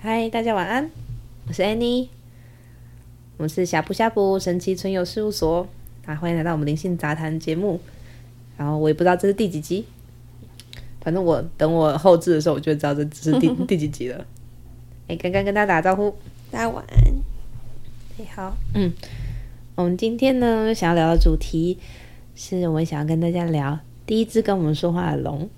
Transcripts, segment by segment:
嗨，大家晚安，我是 Annie，我是夏普夏普神奇春遊事務所，啊，歡迎來到我們靈性雜談節目。然後我也不知道這是第幾集，反正我等我後置的時候，我就會知道這是第 第幾集了。哎、 欸，剛剛跟大家打招呼，大家晚安，好，嗯。我們今天呢，想要聊的主題是，我們想要跟大家聊第一隻跟我們說話的龍。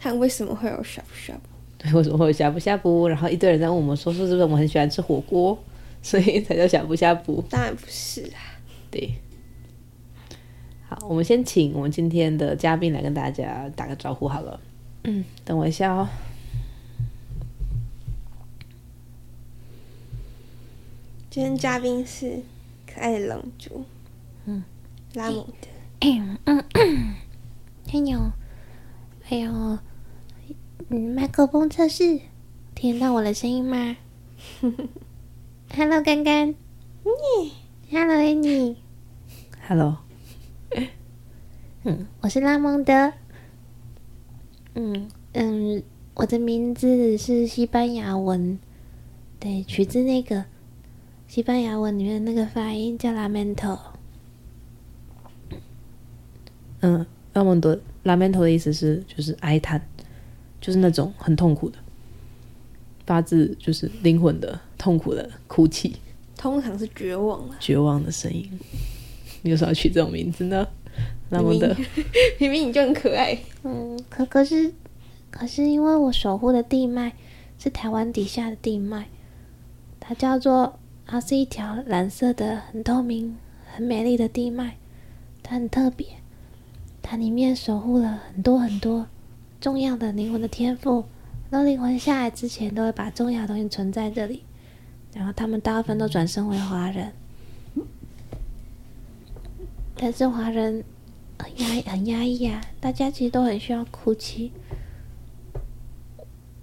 看為什麼會有“小布小布”？對，為什麼會有“小布小布”？然後一堆人在問我們說，說說是不是我們很喜歡吃火鍋，所以才叫“小布小布”？當然不是啦，對。好，我們先請我們今天的嘉賓來跟大家打個招呼好了。嗯，等我一下哦、喔。今天嘉賓是。愛狼蛛，嗯，拉蒙德。還、哎、有，還、哎、有、嗯、哎哎，嗯，麥克風測試，聽得到我的聲音嗎？哈嘍，幹 幹。哈嘍剛剛你哈嘍艾嗯，我是拉蒙德，嗯嗯，我的名字是西班牙文，對，取自那個。西班牙文裡面的那個發音叫拉 a m e 嗯，拉蒙多拉 a m e 的意思是就是哀嘆，就是那種很痛苦的，發自就是靈魂的痛苦的哭泣，通常是絕望了、啊，絕望的聲音。你為什麼要取這種名字呢？拉蒙多， 明明你就很可愛。嗯，可可是可是因為我守護的地脈是台灣底下的地脈，它叫做。它是一條藍色的、很透明、很美麗的地脈，它很特別。它裡面守護了很多很多重要的靈魂的天賦。當靈魂下來之前，都會把重要的東西存在這裡。然後他們大部分都轉生為華人，但是華人很壓抑，很壓抑啊！大家其實都很需要哭泣，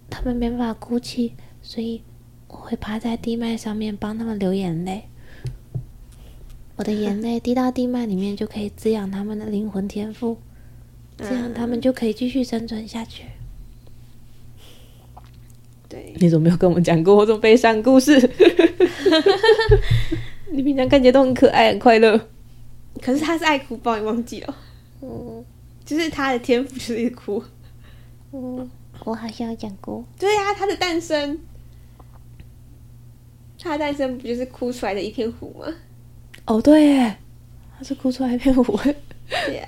他們沒辦法哭泣，所以。我會趴在地脈上面幫他們流眼淚，我的眼淚滴到地脈裡面就可以滋養他們的靈魂天賦，這樣他們就可以繼續生存下去。嗯，對，你怎麼沒有跟我們講過我這種悲傷故事？ 你平常感覺都很可愛、很快樂，可是他是愛哭包，你忘記了？嗯，就是他的天賦就是哭。嗯，我好像有講過。對呀、啊，他的誕生。他誕生不就是哭出來的一片湖嗎？哦、oh，對，他是哭出來一片湖。嗯、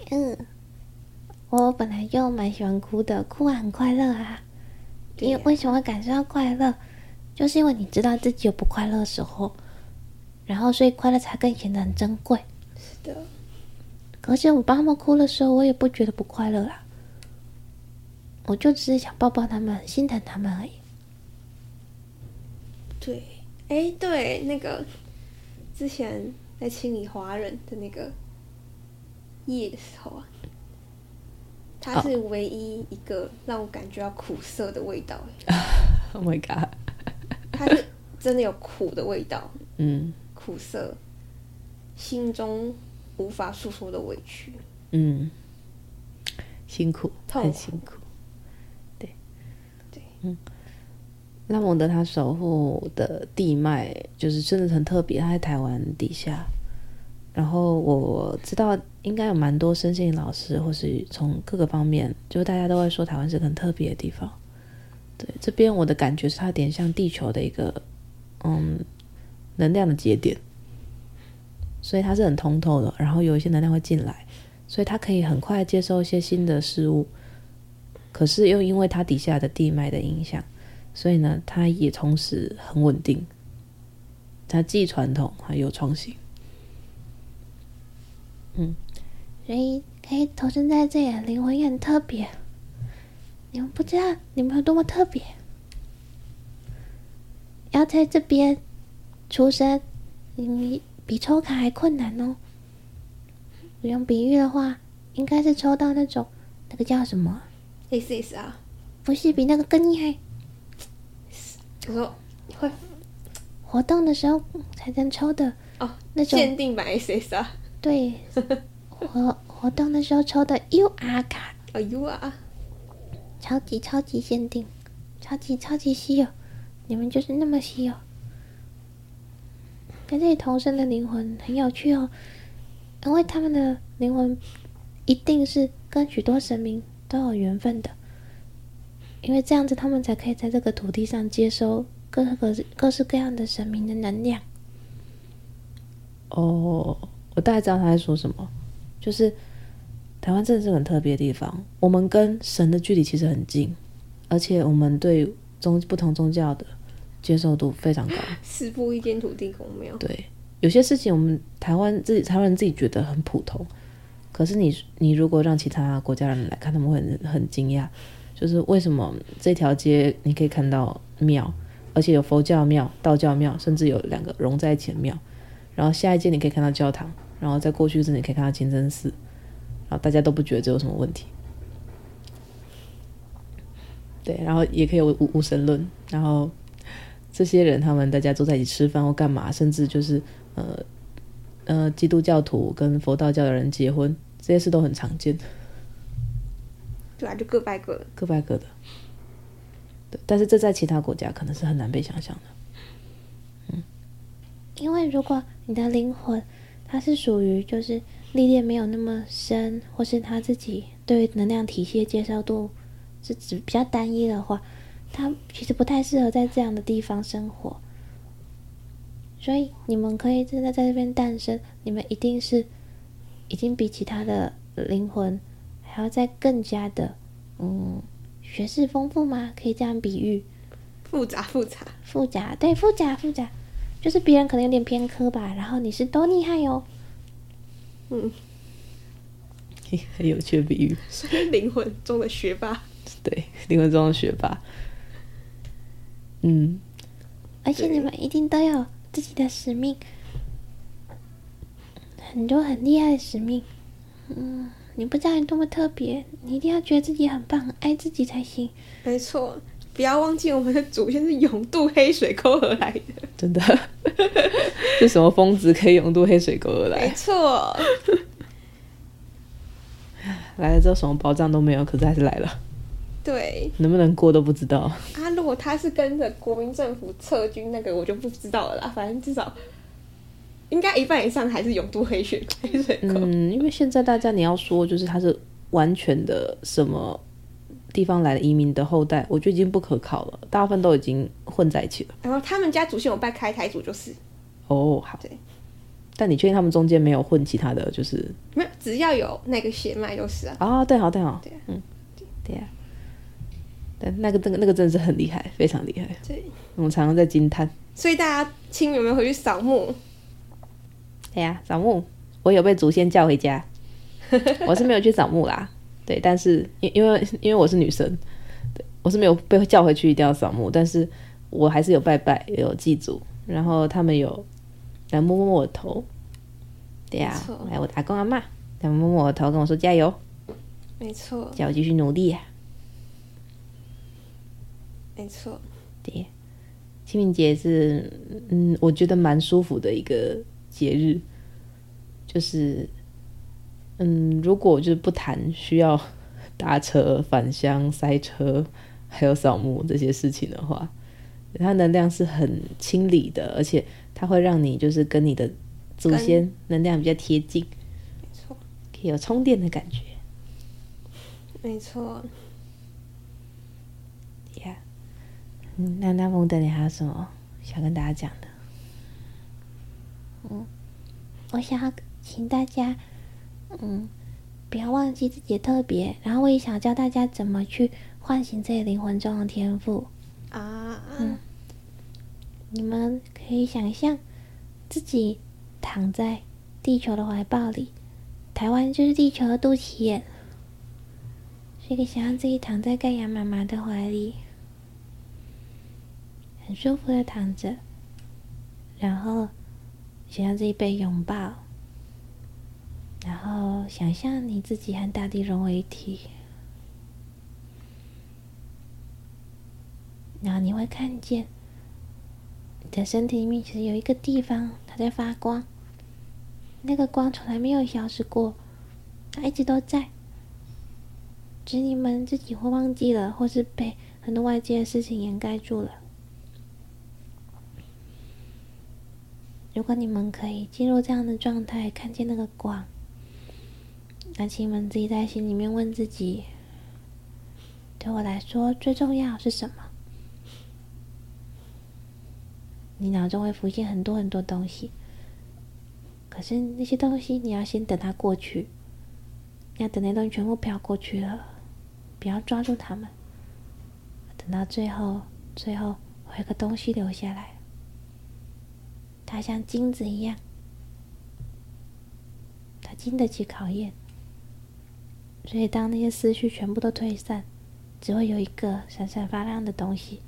yeah. 我本來就蠻喜歡哭的，哭完很快樂啊。因、yeah. 為為什麼會感受到快樂，就是因為你知道自己有不快樂的時候，然後所以快樂才更顯得很珍貴。是的，而且我幫他們哭的時候，我也不覺得不快樂啦，我就只是想抱抱他們，心疼他們而已。對，哎，對，那個之前在清理華人的那個夜的時候啊，它是唯一一個讓我感覺到苦澀的味道。Oh. Oh my God！ 它真的有苦的味道。嗯，苦澀，心中無法訴說的委屈。嗯，辛苦，痛苦，很辛苦，對。對，嗯。拉蒙德他守護的地脈就是真的很特別，他在台灣底下。然後我知道應該有蠻多身心靈老師，或是從各個方面，就是大家都會說台灣是個很特別的地方。對，這邊我的感覺是它有點像地球的一個嗯能量的節點，所以它是很通透的，然後有一些能量會進來，所以它可以很快接受一些新的事物。可是又因為它底下的地脈的影響。所以呢，他也同時很穩定，他既傳統還有創新，嗯，所以可以投身在這裡，靈魂也很特別。你們不知道你們有多麼特別，要在這邊出生，你、嗯、為比抽卡還困難哦。用比喻的話，應該是抽到那種那個叫什麼？啊，不是比那個更厲害。我說，會活動的時候才能抽的哦，那種限定版 SSR 對，活活動的時候抽的 U R 卡，啊 U R，超級超級限定，超級超級稀有，你們就是那麼稀有。跟這裡同生的靈魂很有趣哦，因為他們的靈魂一定是跟許多神明都有緣分的。因為這樣子，他們才可以在這個土地上接收各個各式各樣的神明的能量。哦,我大概知道他在說什麼，就是台灣真的是很特別的地方。我們跟神的距離其實很近，而且我們對宗不同宗教的接受度非常高。四步一間土地公廟。對，有些事情我們台灣自己台灣人自己覺得很普通，可是你你如果讓其他國家人來看，他們會很很驚訝。就是為什麼這條街你可以看到廟，而且有佛教廟、道教廟，甚至有兩個融在一起的廟。然後下一街你可以看到教堂，然後再過去就是你可以看到清真寺。然後大家都不覺得這有什麼問題。對，然後也可以無無神論。然後這些人他們大家坐在一起吃飯或幹嘛，甚至就是呃呃基督教徒跟佛道教的人結婚，這些事都很常見。就各拜各的，各拜各的。對，但是這在其他國家可能是很難被想象的。嗯，因為如果你的靈魂，它是屬於就是歷練沒有那麼深，或是他自己對於能量體系的介紹度是指比較單一的話，他其實不太適合在這樣的地方生活。所以你們可以真的在這邊誕生，你們一定是已經比其他的靈魂。然後再更加的，嗯，學識豐富嗎？可以這樣比喻，複雜複雜複雜，對複雜複雜，就是別人可能有點偏科吧，然後你是多厲害喲，嗯、欸，很有趣的比喻，靈 魂中的學霸， 對靈魂中的學霸，嗯，而且你們一定都有自己的使命，很多很厲害的使命，嗯。你不知道你多麼特別，你一定要覺得自己很棒，愛自己才行。沒錯，不要忘記我們的祖先是勇渡黑水溝而來的。 真的， 是什麼瘋子可以勇渡黑水溝而來？沒錯， 來了之後什麼保障都沒有，可是還是來了。對，能不能過都不知道。阿、啊、如果他是跟着國民政府撤軍，那個我就不知道了啦。反正至少。應該一半以上還是永度黑血黑血。嗯，因為現在大家你要說，就是他是完全的什麼地方來的移民的後代，我就已經不可考了，大部分都已經混在一起了。然後他們家祖先有拜開台祖，就是哦，好對。但你確定他們中間沒有混其他的就是？沒有，只要有那個血脈就是啊。哦、對好對好對、啊嗯、對，嗯對呀、啊。但那個那個那個真的是很厲害，非常厲害。對，我常常在驚嘆。所以大家清明有沒有回去掃墓？對呀，掃墓，我有被祖先叫回家，我是沒有去掃墓啦。 對，但是因因為因為我是女生，對，我是沒有被叫回去一定要掃墓，但是我還是有拜拜，有祭祖，然後他們有來摸摸我的頭。對呀，來我阿公阿嬤，他們摸摸我頭，跟我說加油，沒錯，叫我繼續努力啊，沒錯。對，清明節是，嗯，我覺得蠻舒服的一個。節日就是，嗯，如果就是不談需要搭車返鄉、塞車，還有掃墓這些事情的話，它能量是很清理的，而且它會讓你就是跟你的祖先能量比較貼近，沒錯，有充電的感覺，沒錯嗯，那拉蒙德，你還有什麼想跟大家講的？我想要請大家，嗯，不要忘記自己的特別。然後我也想教大家怎麼去喚醒自己靈魂中的天賦啊！嗯，你們可以想象自己躺在地球的懷抱裡，台灣就是地球的肚臍眼，這個想象自己躺在蓋亞媽媽的懷裡，很舒服的躺着，然後。想象自己被擁抱，然後想象你自己和大地融為一體，然後你會看見，你的身體裡面其實有一個地方，它在發光。那個光從來沒有消失過，它一直都在，只是你們自己會忘記了，或是被很多外界的事情掩蓋住了。如果你們可以進入這樣的狀態，看見那個光，那請你們自己在心裡面問自己：對我來說，最重要是什麼？你腦中會浮現很多很多東西，可是那些東西，你要先等它過去，要等那東西全部飄過去了，不要抓住它們，等到最後，最後會有個東西留下來。它像金子一樣，它經得起考驗。所以，當那些思緒全部都退散，只會有一個閃閃發亮的東西，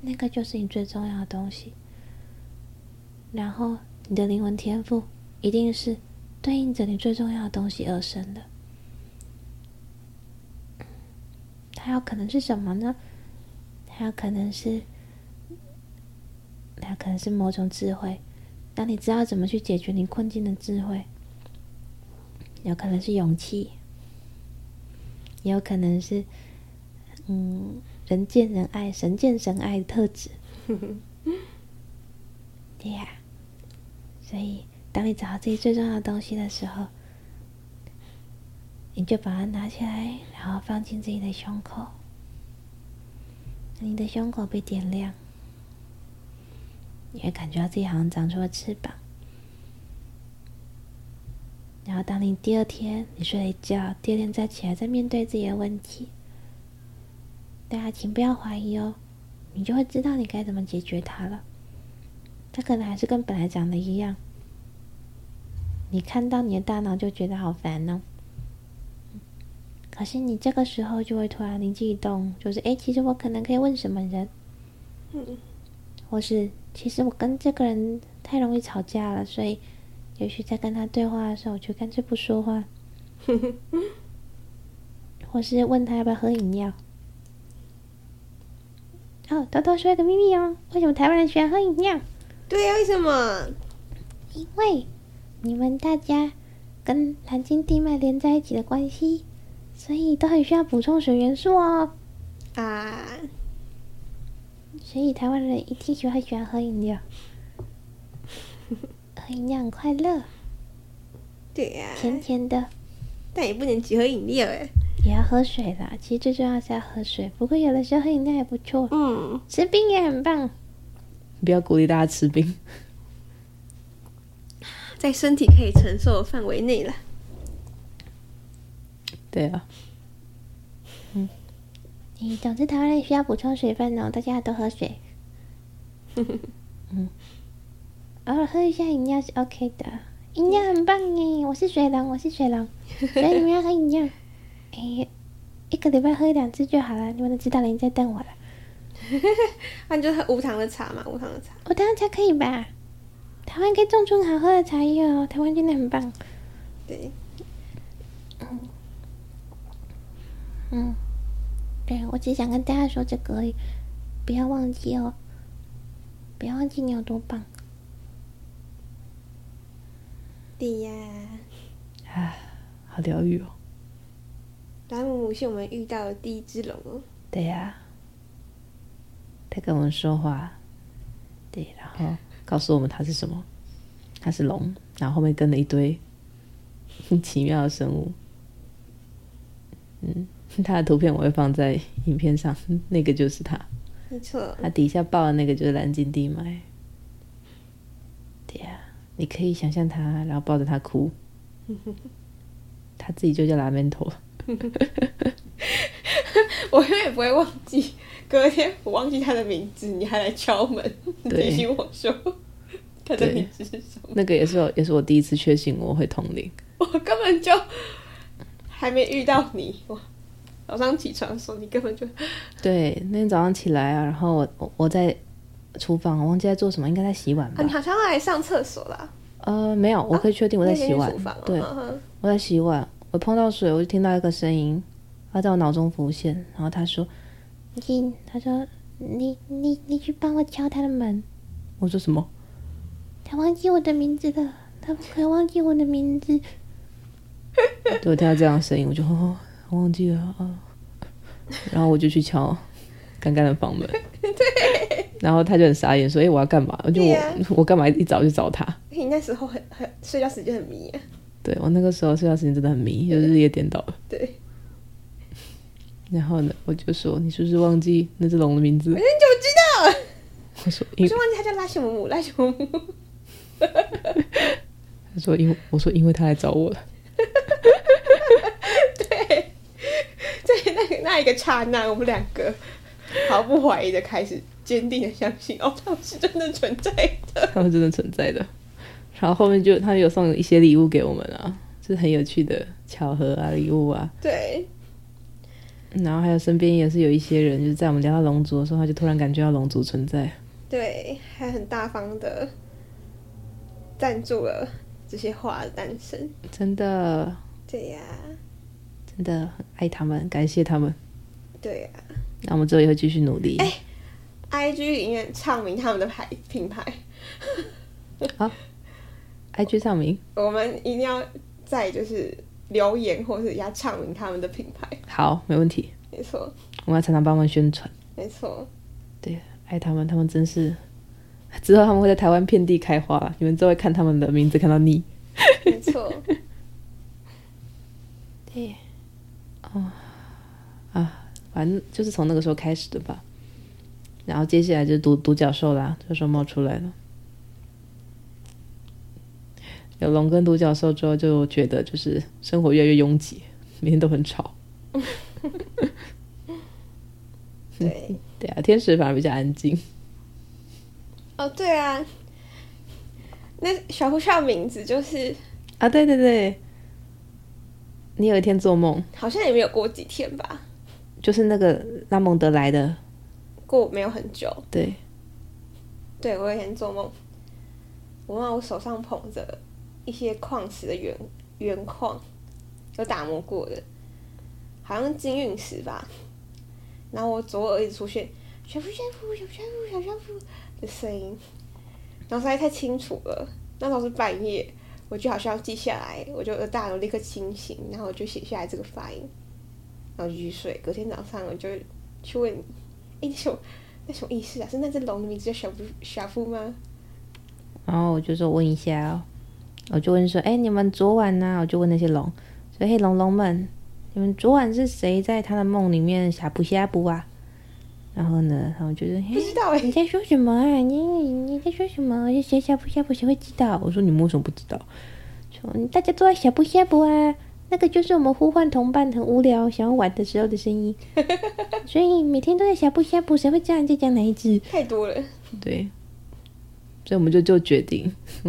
那個就是你最重要的東西。然後，你的靈魂天賦一定是對應着你最重要的東西而生的。它有可能是什麼呢？它有可能是，它可能是某種智慧。當你知道怎麼去解決你困境的智慧，有可能是勇氣，也有可能是嗯人見人愛、神見神愛的特質。對呀，所以當你找到自己最重要的東西的時候，你就把它拿起來，然後放進自己的胸口，讓你的胸口被點亮。你會感覺到自己好像長出了翅膀。然後當你第二天你睡了一覺，第二天再起來再面對自己的問題，對啊，請不要懷疑哦，你就會知道你該怎麼解決它了。它可能還是跟本來長得一樣，你看到你的大腦就覺得好煩哦。可是你這個時候就會突然靈機一動，就是哎，其實我可能可以問什麼人，或是。其實我跟這個人太容易吵架了，所以也許在跟他對話的時候，我就乾脆不說話，哼哼，或是問他要不要喝飲料。哦，偷偷說一個祕密哦，為什麼台灣人喜歡喝飲料？對呀，為什麼？因為你們大家跟藍晶地脈連在一起的關係，所以都很需要補充水元素哦。啊、uh...。所以台灣人一聽喜歡喜歡喝飲料， 喝飲料很快樂，對呀、啊，甜甜的，但也不能只喝飲料哎，也要喝水啦。其實最重要是要喝水，不過有的時候喝飲料也不錯，嗯，吃冰也很棒，不要鼓勵大家吃冰， 在身體可以承受的範圍內了，對啊。總之，臺灣人需要補充水分哦、喔，大家要多喝水。 嗯，偶、哦、爾喝一下飲料是 OK 的，飲料很棒哎！我是水龍，我是水龍， 所以你們要喝飲料。哎、欸，一個禮拜喝一兩次就好了。你們都知道了，你在瞪我了。那、 啊、就喝無糖的茶嘛，無糖的茶。無、哦、糖的茶可以吧？臺灣可以種出好喝的茶葉哦，臺灣真的很棒。對。嗯。對，我只想跟大家說，這個而已，不要忘記哦，不要忘記你有多棒。對呀，啊，好療癒哦。拉蒙德是我們遇到的第一隻龍哦。對呀，他跟我們說話，對，然後告訴我們他是什麼， 他是龍，然後後面跟了一堆很奇妙的生物，嗯。他的圖片我會放在影片上，那個就是他，沒錯。他底下抱的那個就是藍晶地脈。對啊，你可以想象他，然後抱着他哭、嗯呵呵，他自己就叫拉蒙德。嗯、呵呵 我永遠不會忘記，隔天我忘記他的名字，你還來敲門提醒我說他的名字是什麼。那個也是我，也是我第一次確信我，我會通靈。我根本就還沒遇到你。早上起床的時候，你根本就 對，那天早上起來啊，然後我我我在廚房，我忘記在做什麼，應該在洗碗吧？啊、你好像要來上廁所了、啊？呃，沒有，啊、我可以確定我在洗碗。啊、對、啊，我在洗碗，我碰到水，我就聽到一個聲音，他在我腦中浮現，然後他說：“你，他說你你你去幫我敲他的門。”我說什麼？他忘記我的名字了，他不會忘記我的名字。 對，我聽到這樣的聲音，我就呵呵。我忘記了啊，然後我就去敲干干 的房門， 對，然後他就很傻眼，說：“欸，我要幹嘛？我、啊、就我我幹嘛一,一早就找他？你那時候很很睡覺時間很迷、啊、對，我那個時候睡覺時間真的很迷，就是、日夜顛倒了。對，然後呢，我就說：“你是不是忘記那隻龍的名字？”欸、你怎麼知道？我說：“你是忘記它叫拉西姆姆，拉西姆姆。 他說：“因為我說因為他來找我了。”那個、那一個剎那，我們兩個毫不懷疑的開始堅定的相信，哦，他們是真的存在的，他們真的存在的。然後後面就他有送一些禮物給我們啊，就是很有趣的巧合啊，禮物啊。對。然後還有身邊也是有一些人，就是在我們聊到龍族的時候，他就突然感覺到龍族存在。對，還很大方的贊助了這些畫的誕生。真的。對呀。真的很愛他們，感謝他們。對呀、啊，那我們之後也會繼續努力。哎、欸、IG 應該唱名他們的牌品牌，好、 啊、IG 唱名，我們一定要在就是留言或者是要唱名他們的品牌。好，沒問題。沒錯，我們要常常幫忙宣傳。沒錯，對，愛他們，他們真是，之後他們會在台灣遍地開花、啊、你們都會看他們的名字，看到你。沒錯。 對。哦、啊反正，就是從那個時候開始的吧。然後接下來就是獨獨角獸啦，這個、時候冒出來了。有龍跟獨角獸之後，就覺得就是生活越來越擁擠，每天都很吵。 對、嗯、對啊，天使反而比較安靜。哦，對啊，那小虎的名字就是啊，對對對。你有一天做夢，好像也沒有過幾天吧，就是那個拉蒙德來的，過沒有很久。對，對我有一天做夢，我把我手上捧着一些礦石的原原礦，有打磨過的，好像金隕石吧。然後我左耳一直出現“小福小福小福小福小福”的聲音，然後實在太清楚了，那時候是半夜。我就好像要記下來，我就呃大腦立刻清醒，然後我就寫下來這個發音，然後繼續睡。隔天早上我就去問，哎，那什麼那什麼意思啊？是那隻龍的名字叫小夫小夫嗎？然後我就說，問一下哦，我就問說，哎，你們昨晚呢、啊？我就問那些龍，所以嘿龍龍們，你們昨晚是誰在他的夢裡面小夫小夫啊？然後呢，他們覺得不知道。哎、欸，你在說什麼啊？你你在說什麼？我 寫小布小布，誰會知道？我說你摸什麼不知道？說大家都在小布小布啊，那個就是我們呼喚同伴很無聊，想要玩的時候的聲音。 所以每天都在小布小布，誰會這樣就講哪一隻？太多了。對，所以我們就就決定，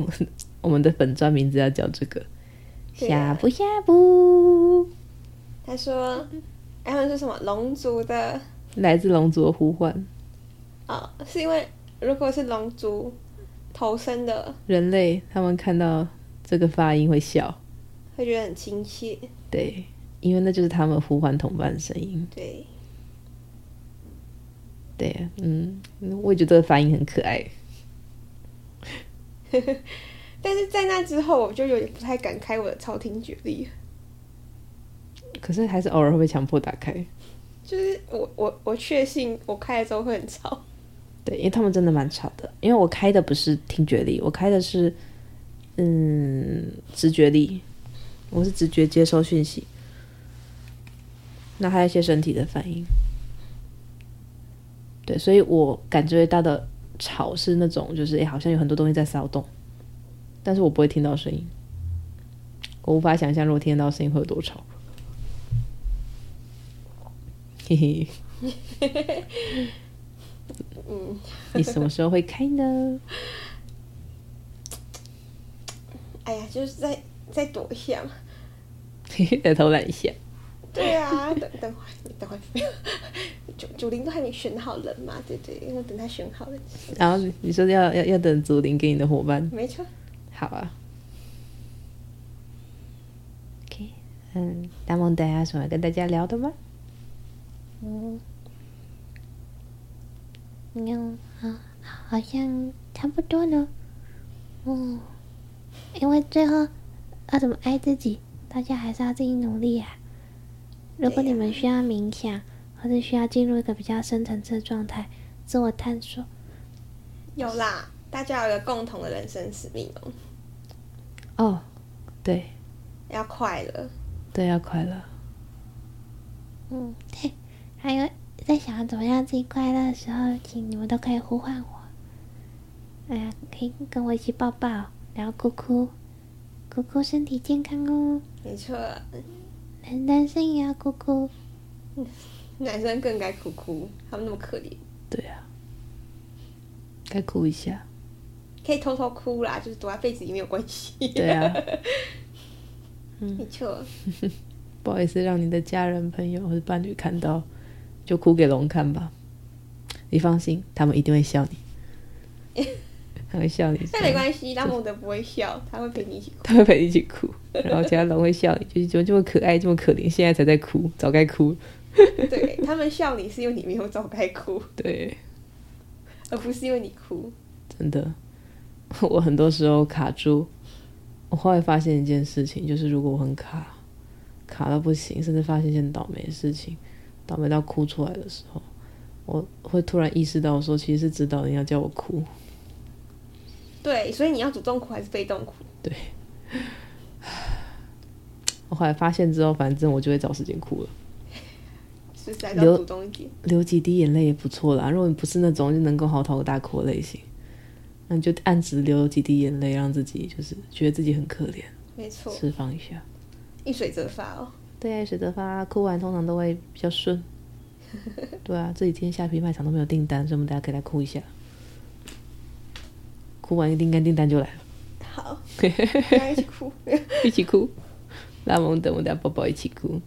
我們的粉專名字要叫這個小布小布。他說，他們說什麼龍族的。來自龍族的呼喚，啊、oh，是因為如果是龍族投生的人類，他們看到這個發音會笑，會覺得很親切。對，因為那就是他們呼喚同伴的聲音。對，對，嗯，我也覺得這個發音很可愛。 但是在那之後，我就有點不太敢開我的超聽覺力。可是還是偶爾會被強迫打開。就是我我我確信我開的時候會很吵，對，因為他們真的蠻吵的。因為我開的不是聽覺力，我開的是嗯直覺力，我是直覺接收訊息。那還有一些身體的反應，對，所以我感覺到的吵是那種就是哎、欸、好像有很多東西在騷動，但是我不會聽到聲音，我無法想象如果聽得到聲音會有多吵。嘿嘿，嘿嘿嘿嘿嗯，你什麼時候會開呢？ 哎呀，就是再再躲一下嘛。嘿嘿，再偷懶一下。對啊，等等會，等會，你等會 主主林都還沒選好人嘛，對對？因為等他選好了，然後你說要要要等主林給你的夥伴。沒錯。好啊。Okay, 嗯，拉蒙德有什麼要跟大家聊的嗎？嗯，嗯。好、啊，好像差不多呢。嗯、哦，因為最後要、啊、怎麼愛自己，大家還是要自己努力啊。如果你們需要冥想、啊，或者需要進入一個比較深層次的狀態，自我探索，有啦。大家有一個共同的人生使命、喔、哦，對，要快樂，對，要快樂。嗯，嘿。還、哎、有在想要怎麼樣自己快樂的時候，請你們都可以呼喚我，哎、啊、呀，可以跟我一起抱抱，然後哭哭，哭哭身體健康哦，沒錯，男生也要哭哭，男，男生更該哭哭，他們那麼可憐，對啊，該哭一下，可以偷偷哭啦，就是躲在被子裡沒有關係，對啊， 嗯、沒錯， 不好意思讓你的家人、朋友或者伴侶看到。就哭給龍看吧，你放心，他們一定會笑你， 他會笑你。但沒關係，拉蒙德不會笑，他會陪你一起哭，他會陪你一起哭。然後其他龍會笑你，就是就這麼可愛，這麼可憐，現在才在哭，早該哭 對他們笑你是因為你沒有早該哭，對，而不是因為你哭。真的，我很多時候卡住，我後來發現一件事情，就是如果我很卡，卡到不行，甚至發現一件倒霉的事情。倒霉到哭出來的時候，我會突然意識到說，說其實是指導人要叫我哭。對，所以你要主動哭還是被動哭？對。我後來發現之後，反正我就會找時間哭了。流，流幾滴眼淚也不錯啦。如果你不是那種就能夠嚎啕大哭的類型，那你就暗自流幾滴眼淚，讓自己就是覺得自己很可憐。沒錯。釋放一下。遇水則發哦。對啊，學着發哭完，通常都會比較順。對啊，這幾天蝦皮賣場都沒有訂單，所以我們大家可以來哭一下。哭完訂單，訂單就來了。好，大家一起哭。 一起哭，那我們等我的寶寶一起哭。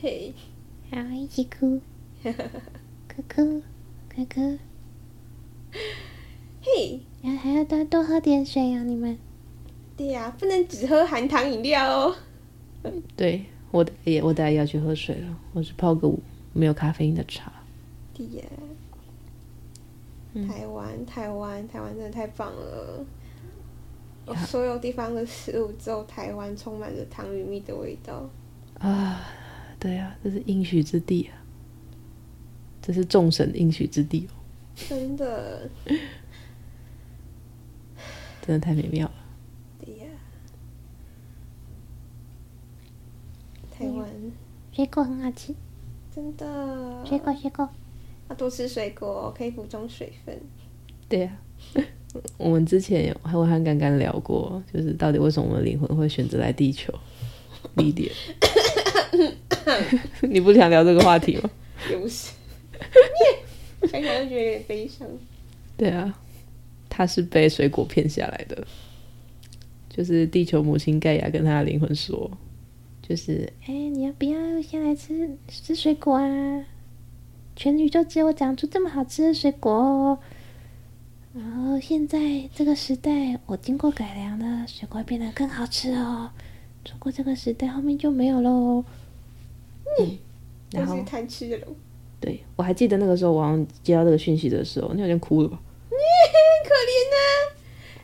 嘿、hey.，要一起哭,哭,哭，哥哥，哥哥，嘿，然後還要大多喝點水啊，你們。對呀、啊，不能只喝含糖飲料哦。對。我也、欸，我等下要去喝水了。我去泡個沒有咖啡因的茶。耶！台灣，台灣，台灣真的太棒了！我、啊哦、所有地方的食物，只有台灣充滿着糖與蜜的味道。啊，對啊，這是應許之地啊！這是眾神應許之地哦！真的， 真的太美妙了。水果很好吃，真的。水果，水果，要、啊、多吃水果，可以補充水分。對啊，我們之前我還跟剛剛聊過，就是到底為什麼我們的靈魂會選擇來地球？地 點？咳咳咳咳 你不想聊這個話題嗎？ 咳咳也不是 ，yeah. 想想就覺得有點悲傷。 對啊，他是被水果騙下來的。就是地球母親蓋亞跟他的靈魂說。就是，哎、欸，你要不要先來吃吃水果啊？全宇宙只有長出這麼好吃的水果哦、喔。然後現在這個時代，我經過改良了水果變得更好吃哦、喔。錯過這個時代，後面就沒有嘍。嗯，都、嗯、是貪吃的嘍。對，我還記得那個時候，我好像接到這個訊息的時候，你有點哭了吧？可憐呢、啊？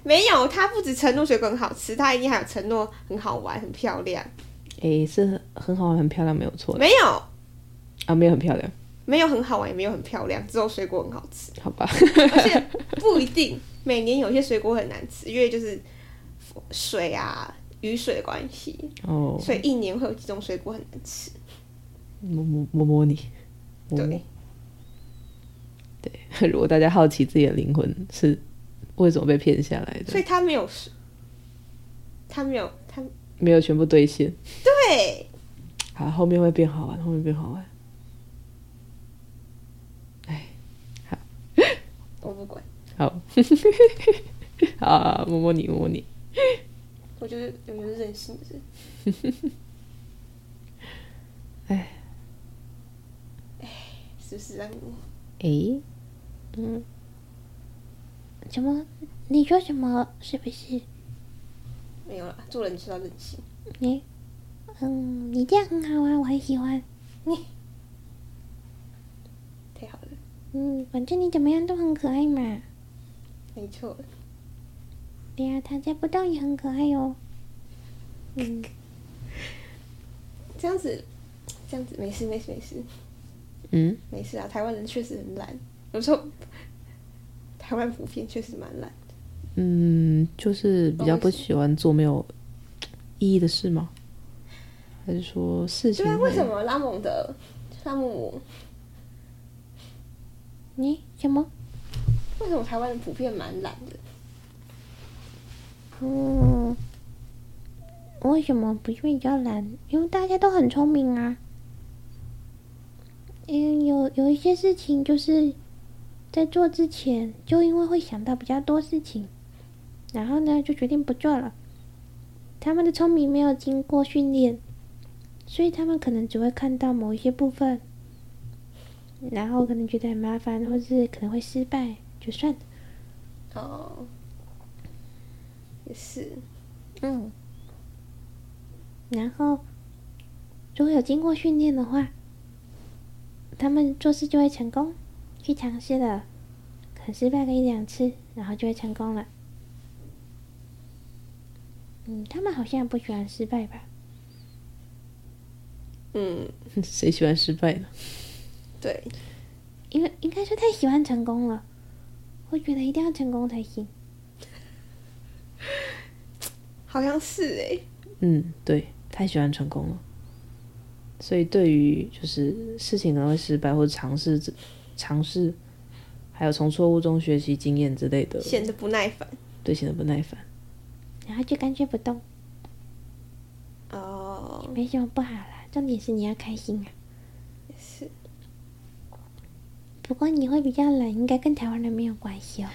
沒有，他不止承諾水果很好吃，他一定還有承諾很好玩、很漂亮。誒、欸，是很好玩、很漂亮沒，沒有錯。沒有啊，沒有很漂亮，沒有很好玩，也沒有很漂亮，只有水果很好吃。好吧， 而且不一定每年有些水果很難吃，因為就是水啊、雨水的關係哦，所以一年會有幾種水果很難吃。摸摸摸摸你，摸你。對，如果大家好奇自己的靈魂是為什麼被騙下來的，所以他沒，沒有，他沒有，他沒有全部兌現。 好，後面會變好玩，後面變好玩。哎，好，我不管。好，啊， 摸摸你，摸摸你。我就是有有任性的是。哎， 哎，是不是啊你？哎、欸，嗯，什麼？你說什麼？是不是？沒有了，做人就是要任性。你、欸。嗯，你這樣很好啊，我很喜歡你，太、欸、好了。嗯，反正你怎麼樣都很可愛嘛。沒錯。對、哎、呀，他摘不到也很可愛喲。嗯。這樣子，這樣子沒事沒事沒事。嗯，沒事啊。台灣人確實很懶，我說台灣普遍確實蠻懶的。嗯，就是比較不喜歡做沒有意義的事嗎？哦還是說事情？對啊，為什麼拉蒙德、拉姆,姆？你、欸、什麼為什麼台灣人普遍蠻懶的？嗯，為什麼？不是因為比較懶，因為大家都很聰明啊。因、嗯、為有有一些事情就是在做之前，就因為會想到比較多事情，然後呢就決定不做了。他們的聰明沒有經過訓練。所以他們可能只會看到某一些部分，然後可能覺得很麻煩，或是可能會失敗，就算了。哦，也是，嗯。然後，如果有經過訓練的話，他們做事就會成功。去嘗試了，很失敗個一兩次，然後就會成功了。嗯，他們好像不喜歡失敗吧。嗯，誰喜歡失敗呢？對，因為應該說太喜歡成功了，我覺得一定要成功才行，好像是誒，嗯，對，太喜歡成功了，所以對於就是事情可能會失敗或者嘗試、嘗試，還有從錯誤中學習經驗之類的，顯得不耐煩。對，顯得不耐煩，然後就乾脆不動。哦、oh，沒什麼不好啦。重點是你要開心啊！是，不過你會比較懶，應該跟台灣人沒有關係哦。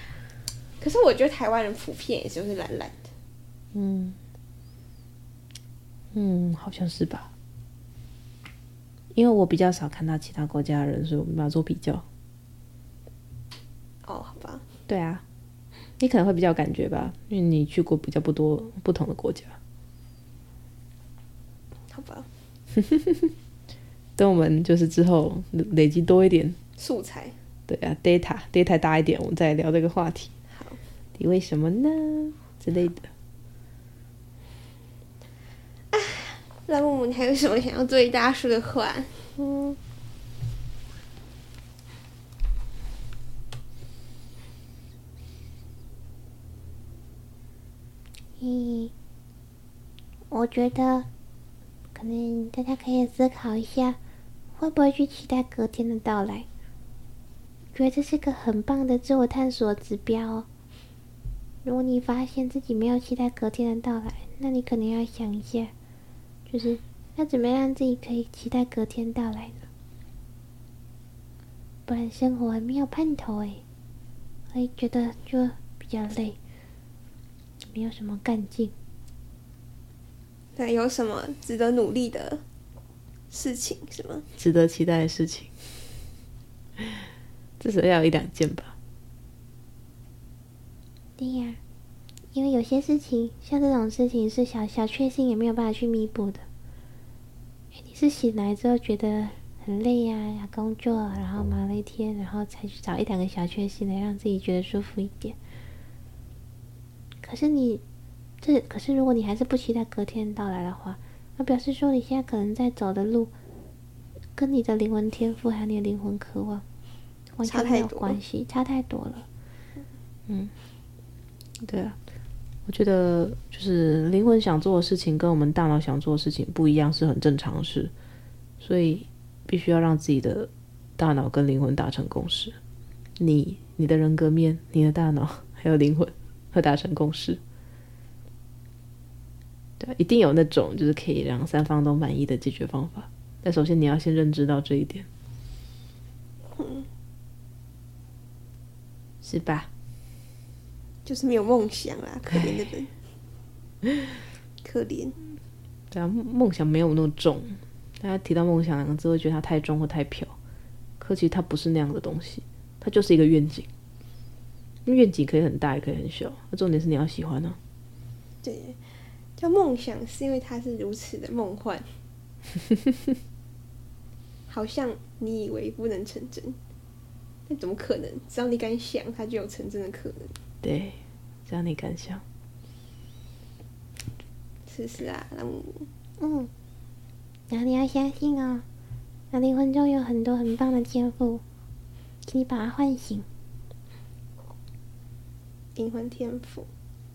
可是我覺得台灣人普遍也是會懶懶的。嗯，嗯，好像是吧。因為我比較少看到其他國家的人，所以我們把它做比較。哦，好吧。對啊，你可能會比較有感覺吧，因為你去過比較不多不同的國家。哼哼哼哼，等我們就是之後累積多一點素材，對啊，data data 大一點，我們再聊這個話題。好，你為什麼呢之類的？哎，拉蒙德，你還有什麼想要對大家說的話？嗯，咦，我覺得。可能大家可以思考一下，會不會去期待隔天的到來？覺得這是個很棒的自我探索指標哦。如果你發現自己沒有期待隔天的到來，那你可能要想一下，就是要怎麼樣讓自己可以期待隔天到來呢？不然生活還沒有盼頭誒，會覺得就比較累，沒有什麼幹勁。那有什麼值得努力的事情是嗎？什麼值得期待的事情？至少要有一兩件吧。對呀，因為有些事情，像這種事情，是小小確幸也沒有辦法去彌補的。你是醒來之後覺得很累呀，啊，要工作然後忙了一天，然後才去找一兩個小確幸來讓自己覺得舒服一點。可是你這可是，如果你還是不期待隔天到來的話，那表示說你現在可能在走的路，跟你的靈魂天賦還有你的靈魂渴望，完全沒有關係，差太多，差太多了。嗯，對啊，我覺得就是靈魂想做的事情跟我們大腦想做的事情不一樣，是很正常的事，所以必須要讓自己的大腦跟靈魂達成共識。你，你的人格面，你的大腦還有靈魂，會達成共識。對，一定有那種就是可以兩三方都滿意的解決方法。但首先你要先認知到這一點，嗯、是吧？就是沒有夢想啊，可憐的人，可憐。對啊夢，夢想沒有那麼重。大家提到夢想兩個字，會覺得它太重或太飄，可其實它不是那樣的東西，它就是一個願景。願景可以很大，也可以很小。那重點是你要喜歡呢、哦，對。叫夢想，是因為它是如此的夢幻， 好像你以為不能成真，那怎麼可能？只要你敢想，它就有成真的可能。對，只要你敢想，是，是啊！那我嗯，然後你要相信啊、哦，那靈魂中有很多很棒的天賦，請你把它喚醒，靈魂天賦。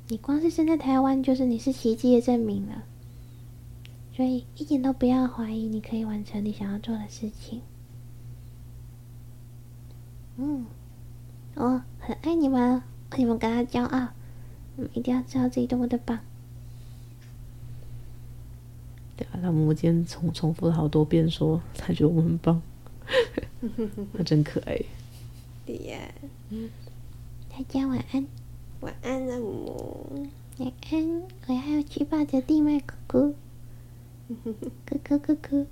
你光是生在台灣，就是你是奇蹟的證明了。所以，一點都不要懷疑，你可以完成你想要做的事情。嗯，我很愛你們，為你們感到驕傲，你們一定要知道自己多麼的棒。對啊，他們今天重重複了好多遍說，他覺得我們很棒， 他真可愛。 對呀，嗯，大家晚安。晚安了、啊，我晚安。我還要去抱着弟妹哥哥，哥哥哥哥。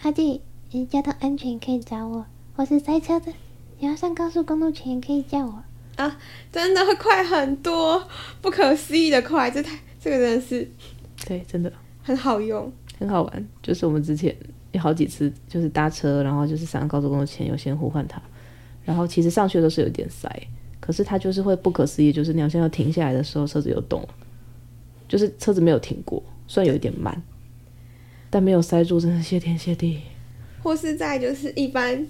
阿弟，你家的安全可以找我，我是塞車的。你要上高速公路前可以叫我啊！真的會快很多，不可思議的快。這太這個真的是對，真的很好用，很好玩。就是我們之前有好幾次就是搭車，然後就是上高速公路前有先呼喚他，然後其實上去都是有點塞。可是他就是會不可思議，就是你好像要現在停下來的時候，車子又動了，就是車子沒有停過，雖然有一點慢，但沒有塞住，真的謝天謝地。或是在就是一般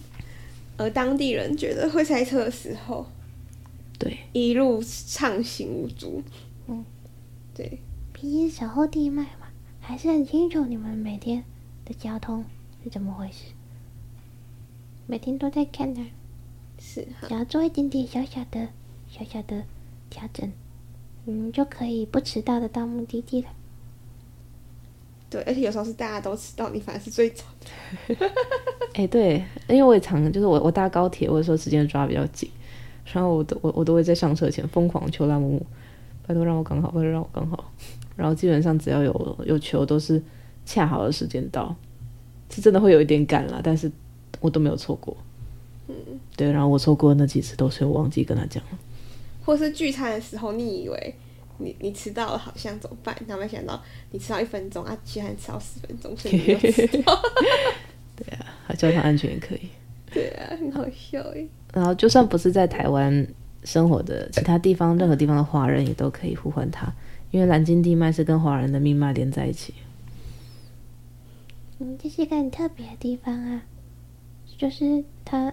而當地人覺得會塞車的時候，對，一路暢行無阻。嗯，對，畢竟守候地脈嘛，還是很清楚你們每天的交通是怎麼回事，每天都在看的。只、啊、要做一點點小小的、小小的調整，嗯，就可以不遲到的到目的地了。對，而且有時候是大家都遲到你你反而是最慘的。哎、 欸，對，因為我也常就是我我搭高鐵，我有時候時間抓比較緊，然後我都我我都會在上車前瘋狂求拉木木，拜託讓我剛好，拜託讓我剛好。然後基本上只要有有求都是恰好的時間到，是真的會有一點趕了，但是我都沒有錯過。對，然後我錯過那幾次都是我忘記跟他講了。或是聚餐的時候，你以為你你遲到了，好像怎麼辦？哪會想到你遲到一分鐘啊，居然遲到十分鐘！啊分鐘，所以沒有 對啊，交通安全也可以。對啊，很好笑耶，然後，就算不是在台灣生活的其他地方， 任何地方的華人也都可以呼喚他，因為藍晶地脈是跟華人的命脈連在一起。嗯，這是一個很特別的地方啊，就是他。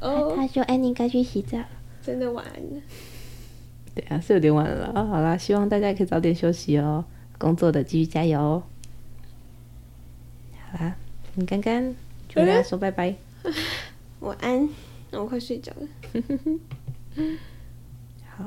Oh, 他說：“安妮該去洗澡，真的晚安了。”對啊，是有點晚了啊，哦。好啦，希望大家可以早點休息哦，喔。工作的繼續加油。好啦，你剛剛就跟他說拜拜，晚、嗯、 安。那我快睡覺了。 好。